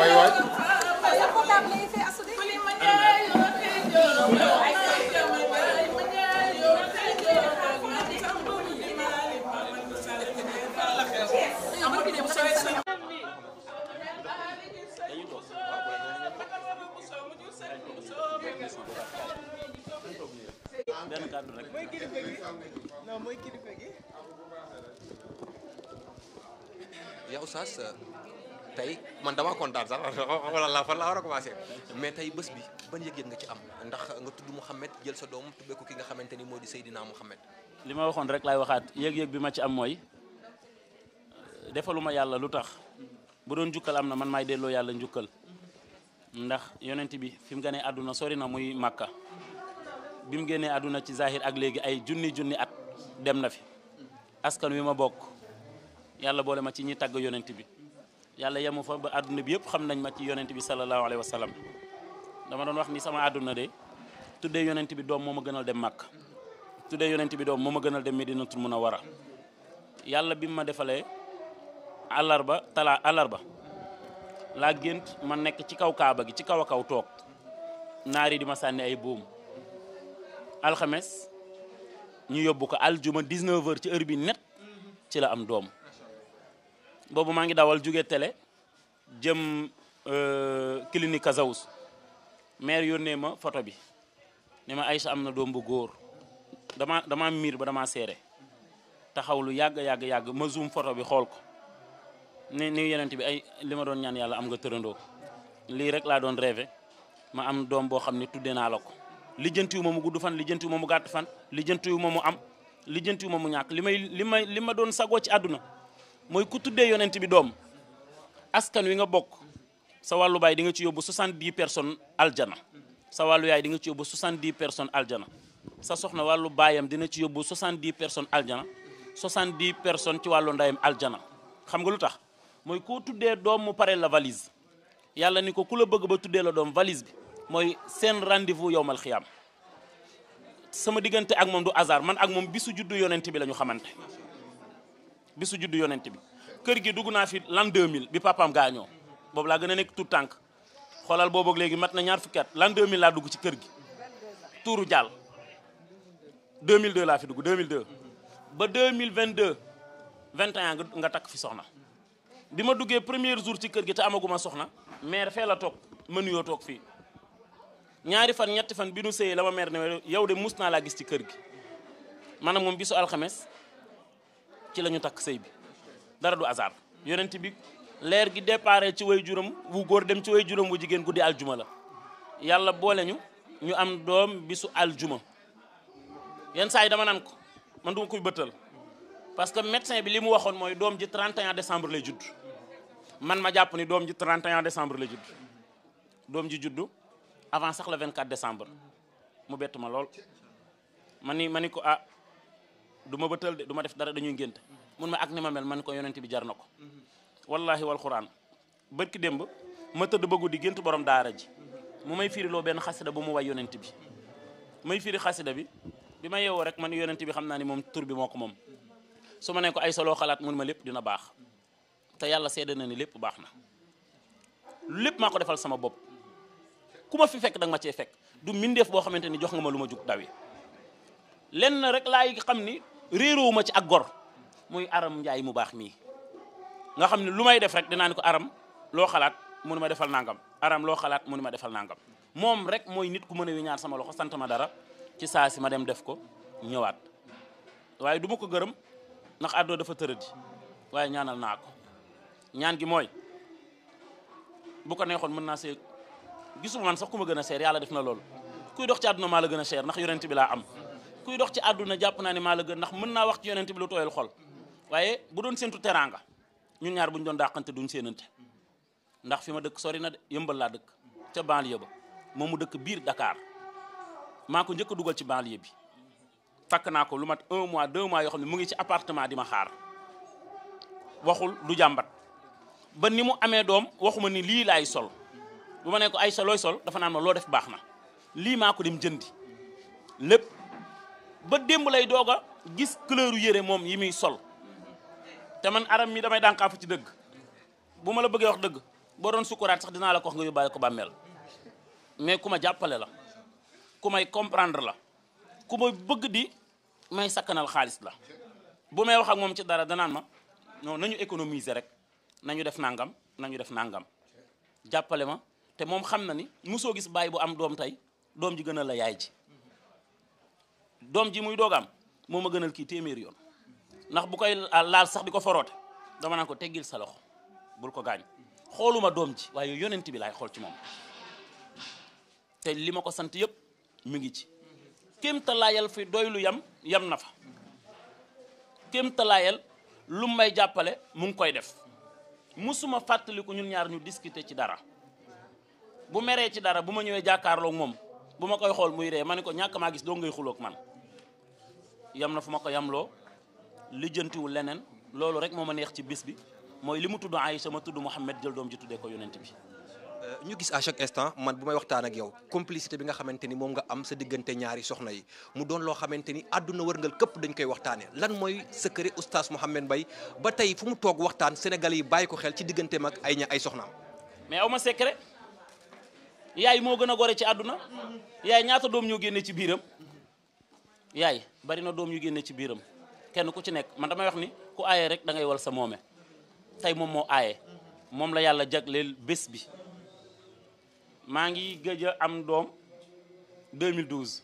may waaj. yow Saas tey man damaa kontaan sax wala laa war a commencé mais tey bés bi ban yëg-yëg nga ci am ndax nga tudd Mouhamed jël sa doom tuddee ko ki nga xamante ni moo di dina Mouhamed. li ma waxoon rek laay waxaat yëg-yëg bi ma ci am mooy euh, defaluma yàlla lu tax bu doon njukkal am na man maay delloo yàlla njukkal ndax yonent bi fi mu gënee àdduna sori na muy Màkka bi mu génnee àdduna ci zahir ak léegi ay junni junni at dem na fi askan wi ma bokk yàlla boole ma ci ñi tagg yonent bi. yàlla yemu fa ba àdduna bi yëpp xam nañ ma ci yonent bi sallallahu alayhi wa sallam dama doon wax ni sama àdduna de tuddee yonent bi doom moo ma gënal dem Màkk tuddee yonent bi doom moo ma gënal dem Medinatul wara yàlla bi ma defalee àllarba talaa àllarba laa gént ma nekk ci kaw kaaba gi ci kaw a kaw toog naari di ma sànni ay buum alxames ñu yóbbu ko aljuma 19 heures ci heure bi net ci la am doom boobu maa ngi dawal jóge tele jëm euh, clinique Kazawus maire yónnee ma photo bi ne ma Aïcha am na doom bu góor dama dama miir ba dama seere taxaw lu yàgg yàgg yàgg ma zoom photo bi xool ko ni ni yenent bi ay li ma doon ñaan yàlla am nga tërandoo lii rek laa doon rêvé ma am doom boo xam ne tuddee naa la ko lijjantiwu ma mu gudd fan lijjantiwu ma mu gàtt fan lijjantiwu ma mu am lijjantiwu ma mu ñàkk li may li may li ma doon sagoo ci àdduna mooy ku tuddee yonent bi doom askan wi nga bokk sa wàllu baay di nga ci yóbbu 70 personnes aljana sa wàllu di nga ci yóbbu 70 personnes aljana sa soxna wàllu baayam dina ci yóbbu 70 personnes aljana 70 personnes ci wàllu ndayam aljana xam nga lu tax mooy koo tuddee doom mu pare la valise yàlla ni ko ku la bëgg ba tuddee la doom valise bi mooy seen rendez-vous yowmal xiyaam sama diggante ak moom du hasard man ak moom bisu juddu yonent bi la ñu xamante bisu juddu yonent bi kër gi dugg naa fi l'an 2000 bi papaam gaañoo boobu laa gën a nekk tout tànk xoolal boobu léegi mat na ñaar fukki at l'an 2000 laa dugg ci kër gi tuuru jàll 2002 laa fi dugg vingt ba 2022 21 nga nga takk fi soxna bi ma duggee première jour ci kër gi te amaguma soxna maire fee la toog ma nuyoo toog fii ñaari fan ñetti fan bi nu sëyee la ma maire ne yow de mus naa laa gis ci kër gi maanaam moom bisu alxames ci la ñu takk sëy bi dara du hasard yonent bi leer gi déparé ci way juróom wu góor dem ci way juróom wu jigéen guddi aljuma la yàlla boole ñu ñu am doom bisu aljuma yenn saa dama nan ko man duma koy bëttal parce que médecin bi li mu waxoon mooy doom ji 31 décembre lay judd man ma jàpp ni doom ji 31 décembre la judd doom ji juddu avant sax le 24 décembre mu bett ma lool ma ni ko ah, du ma bëtal de du ma def dara dañuy ngént mun ma ak ni ma mel man ko yonent bi jar na ko wallahi wal quran barki démb ma tëdd ba guddi gént borom daara ji mu may firiloo benn xasida bu mu way yonent bi may firi xasida bi bi ma yeewoo rek man yonent bi xam naa ni moom tur bi moo ko moom su ma ne ko ay solo xalaat mun ma lépp dina baax te yàlla seede na ni lépp baax na lépp maa ko defal sama bopp ku ma fi fekk danga ma cee fekk du mbindeef boo xamante ni jox nga ma lu ma jug dawe réeroowuma ci ak gor muy aram njaay mu baax mii nga xam ne lu may def rek dinaa ni ko aram loo xalaat mënu ma defal nangam aram loo xalaat mënu ma defal nangam moom rek mooy nit ku mën a ñaar sama loxo sant ma dara ci saa si ma dem def ko ñëwaat waaye du ma ko gërëm ndax àddoo dafa tëradi waaye ñaanal naa ko ñaan gi mooy bu ko neexoon mën naa see gisuma man sax ku ma gën a seer yàlla def na loolu kuy dox ci àdduna maa la gën a seer ndax yonent bi laa am kuy dox ci àdduna jàpp naa ne maa la gën ndax mën naa wax ci yonent bi lu tooyal xol waaye bu doon séntu teraanga ñun ñaar bu buñ doon dàqante duñ séenante ndax fi ma dëkk sori na de yëmbal laa dëkk ca banlieue ba moom mu dëkk biir dakaar maa ko njëkk dugal ci banlieue bi takk naa ko lu mat un mois deux mois yoo xam ne mu ngi ci appartement di ma xaar waxul du jàmbat ba ni mu amee doom waxuma ni lii laay sol bu ma nekk ay soloy sol dafa naan ma loo def baax na ba démb lay doog a gis couleur yére moom yi muy sol te man aram mi damay dànkaafu ci dëgg bu ma la bëggee wax dëgg boo doon sukuraat sax dinaa la ko wax nga yóbbaale ko bàmmeel mais ku ma jàppale la ku may comprendre la ku ma bëgg di may sakkanal xaalis la bu may wax ak moom ci dara danaan ma non nañu économiser rek nañu def nangam nañu def nangam jàppale ma te moom xam na ni musoo gis bàyyi bu am doom tey doom ji gën a la yaay ji doom ji muy doog am moo ma gënal kii téeméeri yoon ndax bu koy laal sax di ko foroote dama naan ko teggil sa loxo bul ko gaañ xooluma doom ji waaye yonent bi laay xool ci moom te li ma ko sant yëpp mu ngi ci kéem talaayal fi doylu yam yam na fa kéem talaayal lu may jàppale mu ngi koy def musuma fàttaliku ñun ñaar ñu discuter ci dara bu meree ci dara bu ma ñëwee jàkkaarloog moom bu ma koy xool muy ree ma ne ko ñàkk maa gis doo ngay xuloog man yam na fu ma ko yamloo lijjantiwul leneen loolu rek moo ma neex ci bis bi mooy li mu tudd ay sama tudd Mouhamed jël doom ji tuddee ko yonent bi. Euh, ñu gis à chaque instant man bu may waxtaan ak yow complicité bi nga xamante ni moom nga am sa diggante ñaari soxna yi mu doon loo xamante ni àdduna wërngal këpp dañ koy waxtaanee lan mooy secret oustaz Mouhamed Mbaye ba tey fu mu toog waxtaan sénégal yi bàyyi ko xel ci diggante mag ay ña ay soxnaam. mais aw ma secret yaay moo gën a gore ci àdduna yaay ñaata doom ñoo génne ci biiram. yaay bari na doom yu génne ci biiram kenn ku ci nekk man damay wax ni ku aaye rek da ngay wal sa moome tey moom moo aaye moom la yàlla jagleel bés bi maa ngi gëj a am doom 2012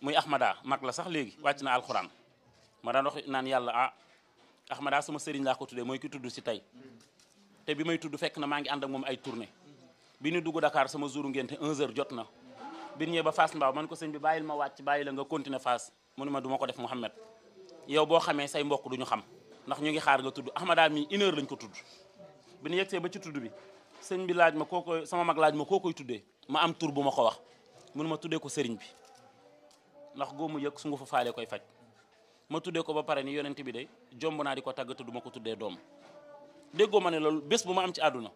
muy Ahmada mag la sax léegi wàcc na alxuraan ma daan wax naan yàlla ah Ahmada sama sëriñ laa ko tuddee mooy ki tudd si tey te bi may tudd fekk na maa ngi ànd ak moom ay tournée bi ñu dugg Dakar sama jour ngénte 11h jot na. bi ñëwee ba Fass Mbao man ko sëñ bi bàyyil ma wàcc bàyyi la nga continuer Fass mënu ma du ma ko def Mouhamed yow boo xamee say mbokk du ñu xam ndax ñu ngi xaar nga tudd Ahmada mi une heure lañ ko tudd bi ñu yegsee ba ci tudd bi sëñ bi ma koo koy sama mag laaj ma koo koy tuddee ma am tur bu ma ko wax mënu ma tuddee ko sëriñ bi ndax goo mu yëg su nga fa koy faj ma tuddee ko ba pare ni yonent bi de jomb naa di ko tàggatu du ma ko tuddee doom déggoo ma ne loolu bés bu ma am ci àdduna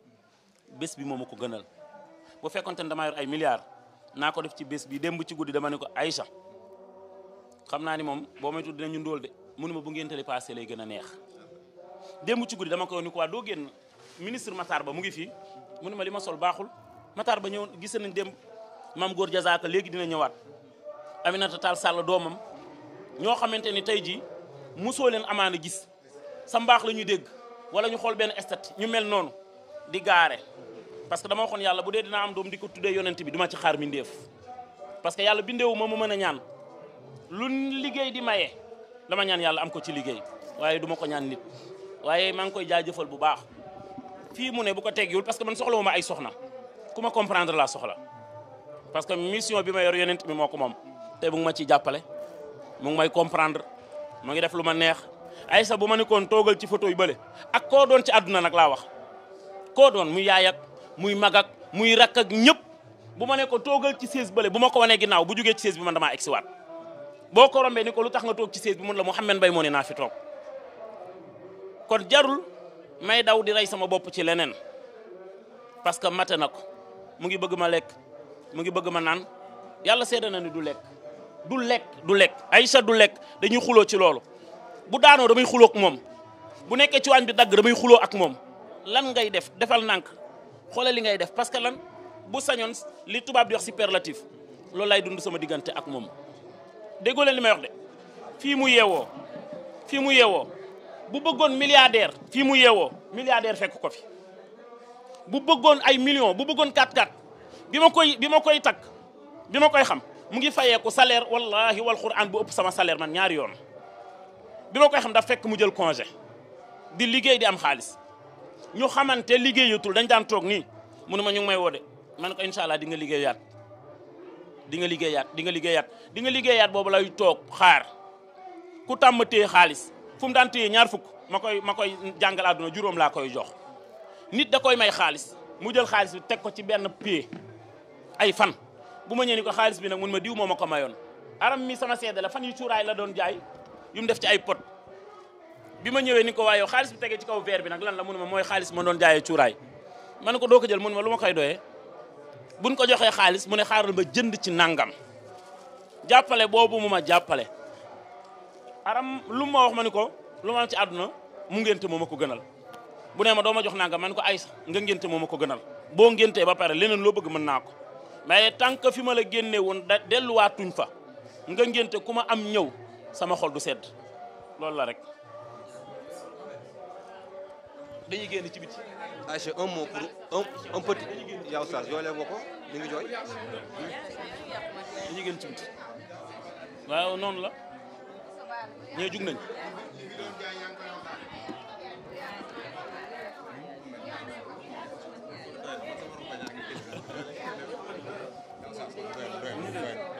bés bi moo ma ko gënal bu fekkonte ne dama ay milliards naa ko def ci bés bi démb ci guddi dama ne ko Aïcha xam naa ni moom boo may tudd ñu ndóol de mënuma bu ngeen tële passé lay gën a neex démb ci guddi dama koy ni quoi doo génn ministre Matar Ba mu ngi fii mu ne ma li ma sol baaxul Matar Ba ñëw gisee nañ démb mam góor jazaaka léegi dina ñëwaat Aminata Tall Sall doomam ñoo xamante ni tey jii mosoo leen amaana gis sa mbaax la ñuy dégg wala ñu xool benn estat ñu mel noonu di gaare parce que dama waxoon yàlla bu dee dinaa am doom di ko tuddee yonent bi duma ci xaar mbindeef parce que yàlla bindeewu ma mu mën a ñaan lu liggéey di maye dama ñaan yàlla am ko ci liggéey waaye duma ko ñaan nit waaye maa ngi koy jaajëfal bu baax fii mu ne bu ko teggiwul parce que man soxla ma ay soxna ku ma comprendre laa soxla parce que mission bi ma yor yonent mi moo ko moom te mu ma ciy jàppale mu ngi may comprendre mu ngi def lu ma neex ay sa bu ma nekkoon toogal ci photo yu ak koo doon ci àdduna nag laa wax muy mag muy rakk ak ñëpp bu ma ne ko toogal ci sées bële bu ma ko wanee naaw bu jugee ci sées bi man damaa egsiwaat boo ko rombee ni ko lu tax nga toog ci sées bi mun la Mouhamed Mbaye moo ne naa fi jarul may daw di sama bopp ci leneen parce que mate na ko mu ngi bëgg ma lekk mu ngi bëgg ma naan yàlla seede na ni du lekk du lekk du lekk ay sa du lekk dañuy xuloo ci loolu bu daanoo damay xuloo ak moom bu nekkee ci waañ bi dagg damay xuloo ak moom lan ngay def defal nànk xoolal li ngay def parce que lan bu sañoon li tubaab di wax superlatif loolu laay dund sama diggante ak moom déggoo leen li may wax de fii mu yeewoo fii mu yeewoo bu bëggoon milliardaire fii mu yeewoo milliardaire fekk ko fi bu bëggoon ay million bu bëggoon 4-4 bi ma koy bi ma koy takk bi ma koy xam mu ngi fayeeku salaire wallahi wal quran bu ëpp sama salaire man ñaari yoon bi ma koy xam daf fekk mu jël congé di liggéey di am xaalis ñu xamante liggéeyatul dañ daan toog nii munu ma ñu may woo de man ko incha allah di nga liggéeyaat di nga liggéeyaat di nga liggéeyaat di nga liggéeyaat boobu lay toog xaar ku tàmm téye xaalis fu mu daan téye ñaar fukk ma koy ma koy jàngal juróom laa koy jox nit da koy may xaalis mu jël xaalis bi teg ko ci benn pied ay fan bu ma ñëwee ko xaalis bi nag mun ma diw moo ma ko mayoon aram mi sama seede fan yu cuuraay la doon jaay yu def ci ay pot bi ma ñëwee ni ko waaye xaalis bi tegee ci kaw verre bi nag lan la mun ma mooy xaalis ma doon jaayee cuuraay ma ne ko doo ko jël mun ma lu ma koy doyee buñ ko joxee xaalis mu ne xaaral ma jënd ci nangam jàppale boobu mu ma jàppale aram lu ma wax ma ni ko lu ma am ci àdduna mu ngénte moom ma ko gënal bu nee ma doo ma jox nangam ma ko ay sax nga ngénte ma ko gënal boo ngéntee ba pare leneen loo bëgg mën naa ko mais tant que fi ma la génnee woon da delluwaatuñ fa nga ngénte ku ma am ñëw sama xol du sedd loolu la rek dañu génn ci biti. Aïcha un mot pour un un petit yow ko mi ngi jooy. dañuy génn ci biti. waaw noonu la. ñee jug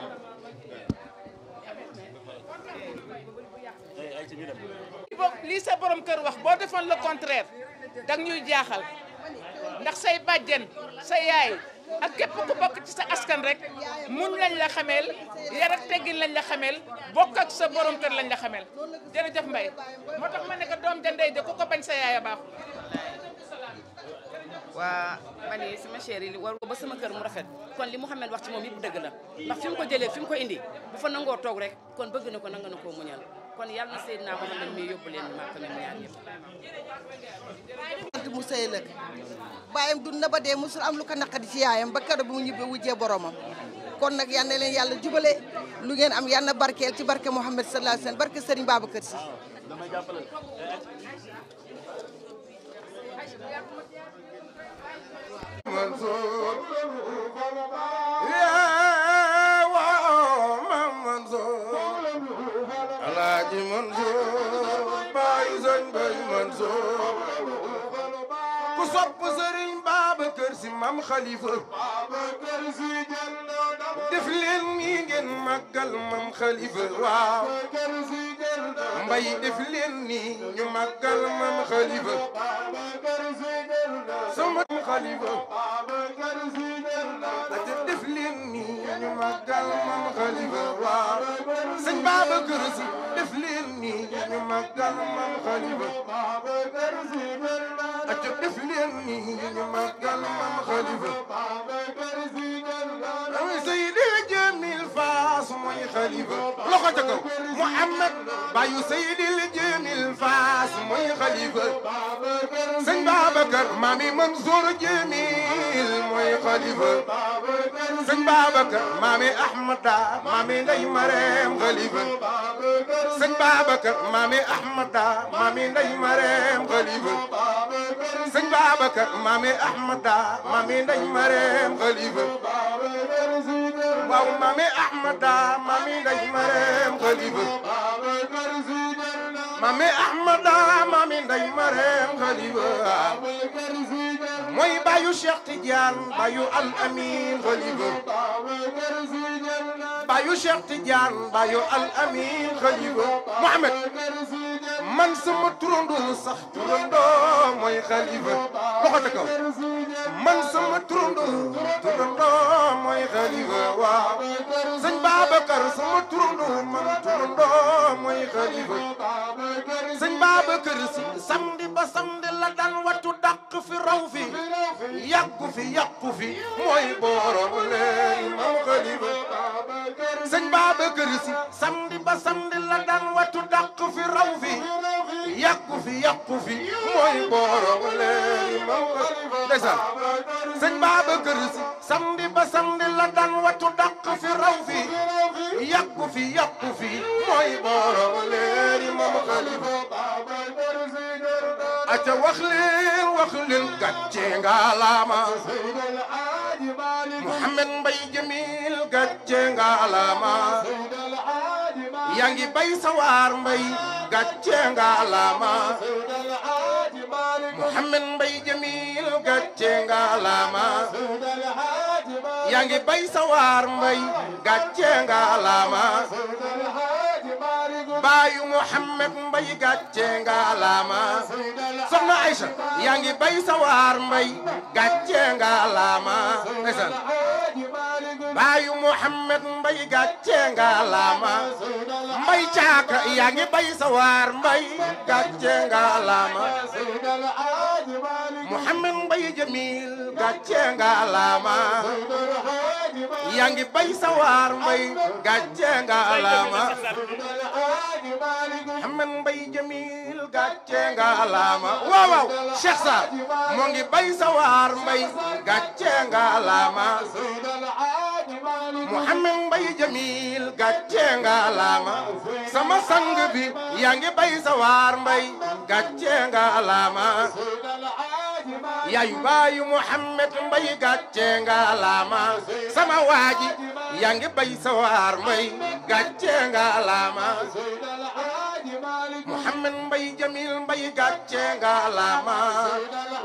lii sa borom kër wax boo defoon le contraire dag ñuy jaaxal ndax say bàjjen sa yaay ak képp ku bokk ci sa askan rek muñ lañ la xameel yar ak teggin lañ la xameel bokk ak sa borom kër lañ la xameel jërëjëf mbay moo tax ma ne ko doom jandey de ko ko bañ sa yaay a baaxul waa man yi sama chéri li war ba sama kër mu rafet kon li Mouhamed wax ci moom yëpp dëgg la ndax fi mu ko jëlee fi mu ko indi bu fa nangoo toog rek kon bëgg ne ko nanga na koo muñal kon yàlla na Seydina Muhammad mi yóbbu leen Màkka ñoom ñaar na ba dee musul am lu ko naqadi ci ba keroog bu mu ñibbee wujjee boromam kon nag yal na leen yàlla jubale lu ngeen am yal na barkeel ci barke Muhammad sallallahu alayhi wasallam barke Serigne Babacar Sy. Mansour Mansour ku sopp sëriñ Babacar Si maam Xalifa Babacar Si def leen nii ngeen màggal maam Xalifa waaw mbay def leen nii ñu màggal maam Xalifa sama xalifa Babacar Si ate def leen ni ñu màggal mam xalifa waaw sëñ Babacar Si ni ñu màggal mam xalifa Babacar Si ate def leen ni ñu màggal mam xalifa loxo ca kaw Muhammad bayu Seydil Jamil Faas mooy xalifa sëñ Babacar maami Mansour Jamil mooy xalifa sëñ Babacar maami Ahmada maami Ndey Mareem xalifa sëñ Babacar maami Ahmada maami Ndey Mareem xalifa sëñ Babacar maami Ahmada maami Ndey Mareem xalifa waaw mami Ahmada mami Ndeye Marème Khalifa mami Ahmada mami Ndeye Marème Khalifa mooy baayu Cheikh Tidiane baayu Al Amin Khalifa baayu Cheikh Tidiane baayu Al Amin Khalifa Mohamed man sama turandoo sax turandoo mooy xalifa loxo ca kaw man sama turandoo turandoo mooy xalifa waaw sëñ Babacar sama turandoo man turandoo mooy xalifa sëñ Babacar si samedi ba samedi la daan wattu dàq fi raw fi yàggu fi yàqu fi mooy borom leen mam xalifa sëñ Babacar si samedi ba samedi la daan watu fi raw fi yàqu fi yàqu fi leeri maw ndeysaan sëñ Babacar ba samedi la daan watu dàq Jamil gàcce nga laama yaa ngi bay sawaar mbay gàcce nga alaama Muhammad mbay jamil gàcce nga alaama yaa ngi bay sawaar mbay gàcce nga alaama baayu Muhammad mbay gàcce nga alaama soxna Aïcha yaa ngi bay sawaar mbay gàcce nga alaama ndeysaan baayu Muhammad mbay gàcce nga laama mbay caaka yaa ngi bay sawaar mbay gàcce nga laama Muhammad mbay jamil gàcce nga laama yaa ngi bay sawaar mbay gàcce nga laama Muhammad mbay jamil gàcce nga alaama waaw waaw Cheikh Sarr moo ngi bay sawaar mbay gàcce nga alaama Mouhamed Mbay Jamil gàcce nga alaama sama sang yaa ngi bay sawaar mbay gàcce nga alaama yaay baayu Mouhamed Mbay gàcce nga alaama sama waaji yaa ngi bay sawaar mbay gàcce nga alaama Mouhamed Mbaye Jamil Mbaye gàcce nga laama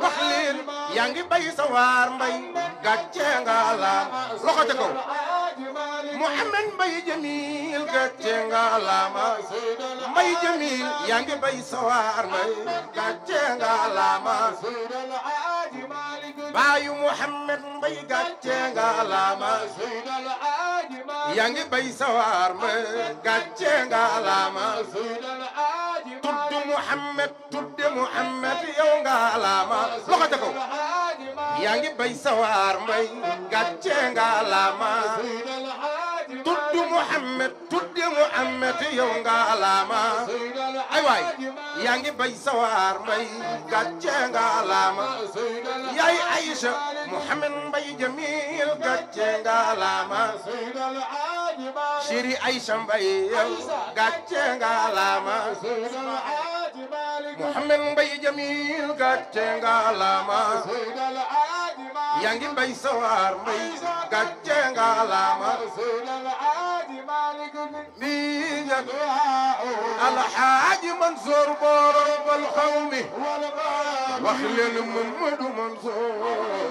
wax leen yaa ngi bay sa waar Mbaye gàcce nga laama loxo ca kaw Mouhamed Mbaye Jamil gàcce nga laama Mbaye Jamil yaa ngi bay sa waar Mbaye gàcce nga laama baayu Mouhamed Mbaye gàcce nga laama yaa ngi bay sa waar Mbaye gàcce nga laama muhammad tudde muhammad yow nga alaama loxo ca kaw yaa ngi bay sawaar mbay gàcce nga alaama tuddu muhammad tudde muhammad yow nga alaama ay waay yaa ngi bay sawaar mbay gàcce nga alaama yaay Aïcha muhammad mbay jamil gàcce nga alaama chéri Aïcha mbay yow gàcce nga alaama Muhammed Mbay Jamil a nga laama yaa ngi mbay sawar mbay gàcce nga laama lii nga Alxaaji Mansour boorobal xawmi wax leen Mamadu Mansour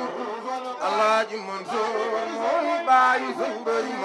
Alxaaji Mansour mooy baayu sëñ Mbay